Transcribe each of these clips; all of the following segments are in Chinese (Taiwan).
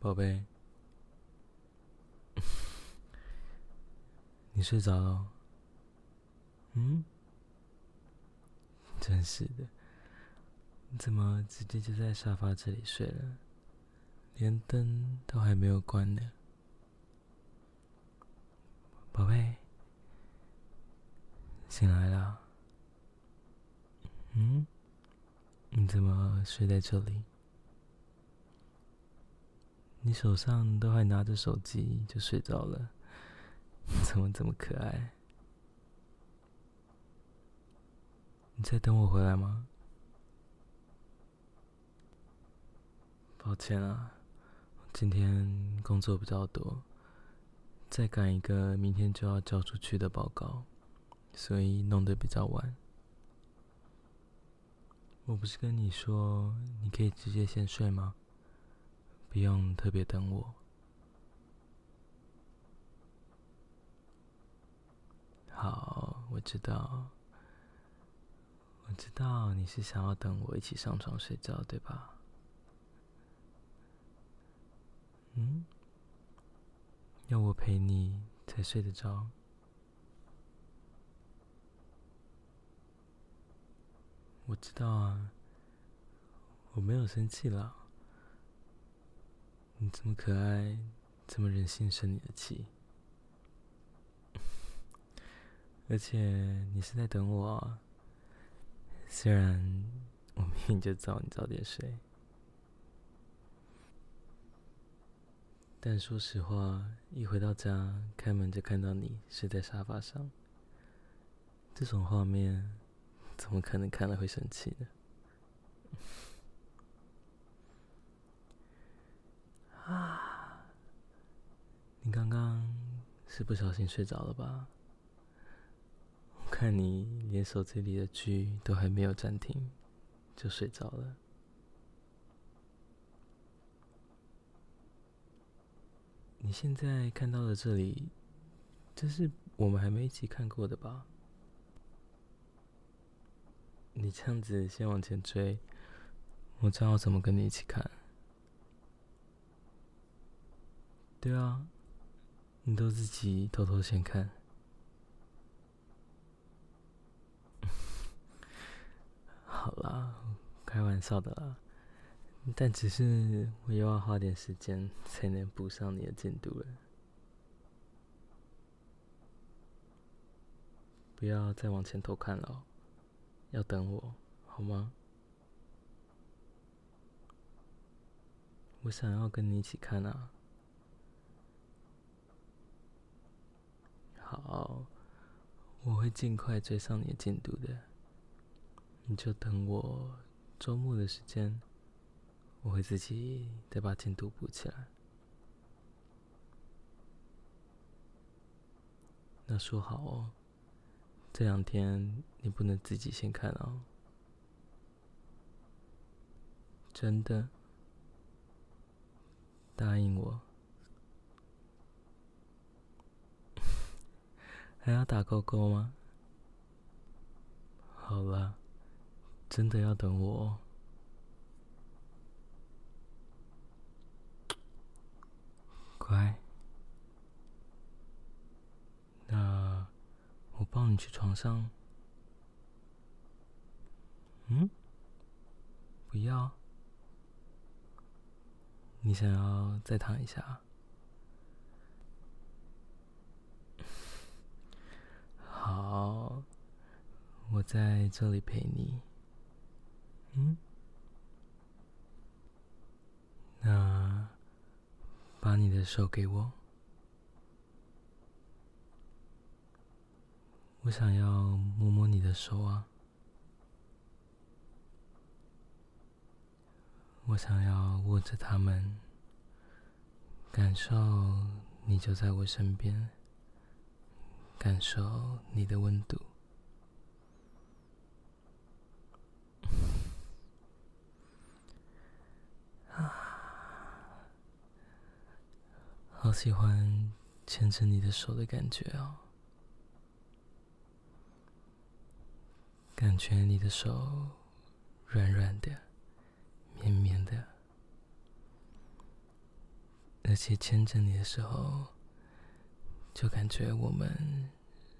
寶貝，寶 你睡着了？嗯，真是的，你怎麼直接就在沙發這裡睡了，連燈都還沒有關呢。寶貝，醒來了？嗯，你怎麼睡在這裡？你手上都還拿着手機就睡着了，怎麼這麼可愛？你在等我回來嗎？抱歉啊，我今天工作比較多，再趕一個明天就要交出去的報告，所以弄得比較晚。我不是跟你說你可以直接先睡嗎？不用特別等我。好，我知道，我知道你是想要等我一起上床睡覺，對吧？嗯，要我陪你才睡得着。我知道啊，我沒有生氣了。你這麼可愛，怎麼忍心生你的氣？ 而且你是在等我啊，雖然我明明就叫你早點睡。但說實話，一回到家開門就看到你睡在沙發上，這種畫面怎麼可能看了會生氣呢？啊！你剛剛是不小心睡着了吧？我看你連手機裡的劇都還沒有暫停，就睡着了。你現在看到的這裡，這是我們還沒一起看過的吧？你這樣子先往前追，我這樣我怎麼跟你一起看。對啊，你都自己偷偷先看， 好啦，開玩笑的啦，但只是我又要花點時間才能補上你的進度了，不要再往前偷看了，要等我好嗎？我想要跟你一起看啊。好，我會盡快追上你的進度的。你就等我周末的時間，我會自己再把進度補起來。那說好哦，這兩天你不能自己先看哦。真的，答應我。還要打勾勾嗎？好了，真的要等我哦。乖，那我抱你去床上。嗯？不要？你想要再躺一下？在這裡陪你，嗯，那把你的手給我，我想要摸摸你的手啊，我想要握着它們，感受你就在我身邊，感受你的溫度。好喜歡牽着你的手的感覺哦，感覺你的手軟軟的、綿綿的，而且牽着你的時候，就感覺我們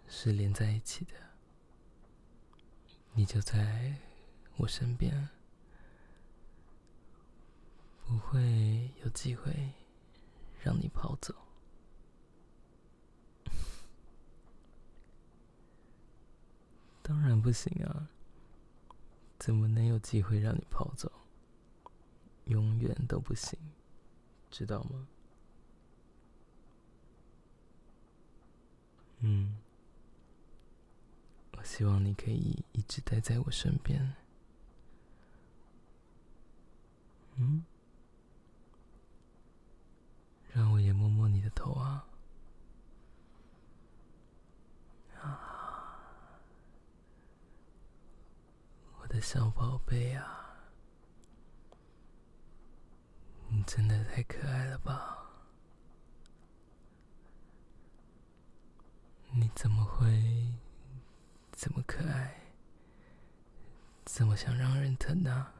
是連在一起的，你就在我身邊，不會有機會，讓你跑走， 當然不行啊！怎麼能有機會讓你跑走？永遠都不行，知道嗎？嗯，我希望你可以一直待在我身邊。嗯。讓我也摸摸你的頭啊！啊，我的小寶貝啊，你真的太可愛了吧！你怎麼會這麼可愛，怎麼想讓人疼呢、啊？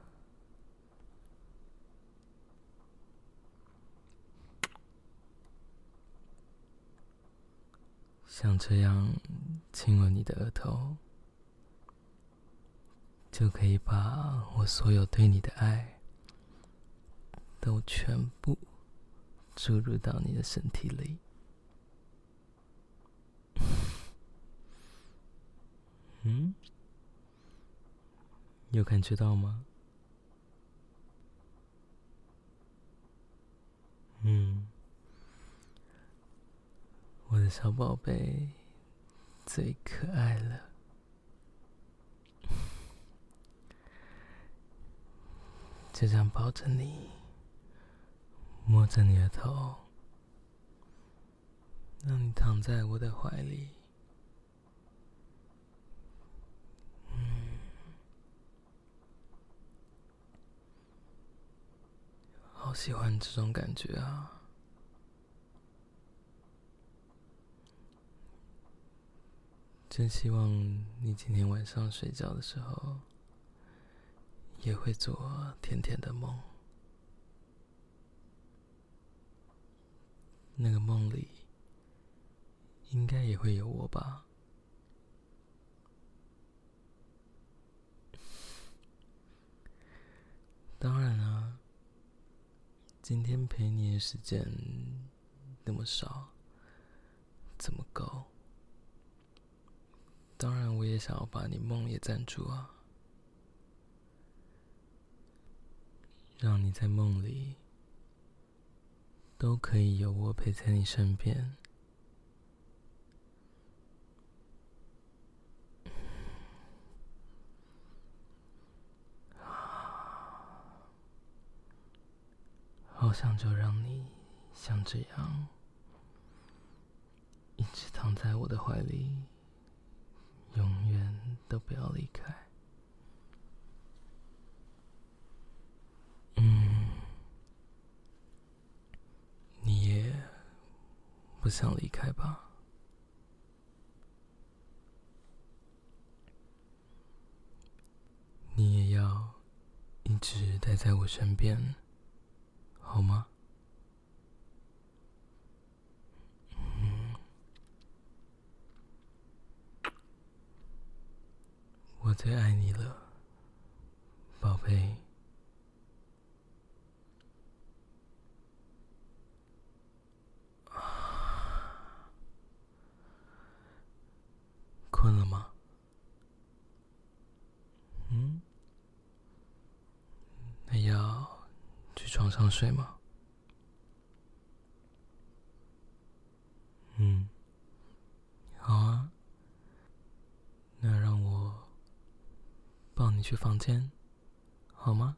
像這樣親吻你的額頭，就可以把我所有對你的愛，都全部注入到你的身體裡。嗯？有感覺到嗎？小寶貝，最可愛了，就想抱着你，摸着你的頭，讓你躺在我的懷裡，嗯，好喜歡這種感覺啊。真希望你今天晚上睡覺的時候也會做甜甜的夢。那個夢裡應該也會有我吧？當然啦、啊。今天陪你的時間那麼少，怎麼夠？當然，我也想要把你夢也佔住啊，讓你在夢裡都可以有我陪在你身邊啊，好想就讓你像這樣一直躺在我的懷裡。永遠都不要離開。嗯，你也不想離開吧？你也要一直待在我身邊，好嗎？最愛你了，寶貝。啊。困了嗎？嗯，那要去床上睡嗎？去房間，好嗎？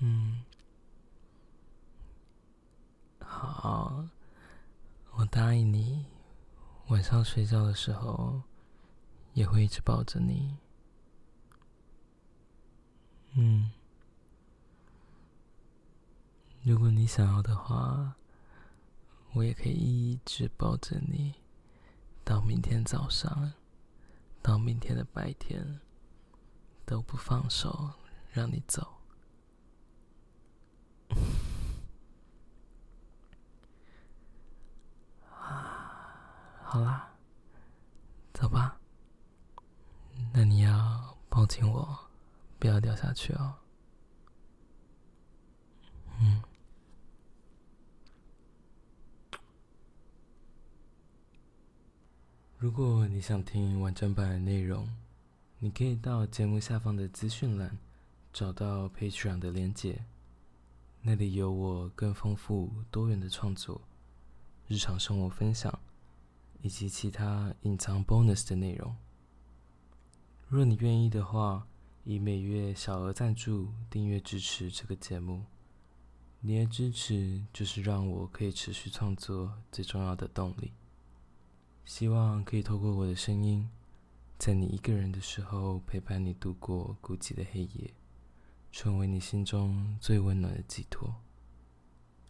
嗯，好，我答應你，晚上睡覺的時候，也會一直抱着你。嗯，如果你想要的話，我也可以一直抱着你，到明天早上。到明天的白天都不放手，讓你走 啊！好啦，走吧。那你要抱緊我，不要掉下去哦。如果你想聽完整版的內容，你可以到節目下方的資訊欄找到 Patreon 的連結，那裡有我更豐富多元的創作、日常生活分享以及其他隱藏 bonus 的內容。若你願意的話，以每月小額贊助訂閱支持這個節目，你的支持就是讓我可以持續創作最重要的動力。希望可以透過我的聲音，在你一個人的時候陪伴你度過孤寂的黑夜，成為你心中最溫暖的寄託。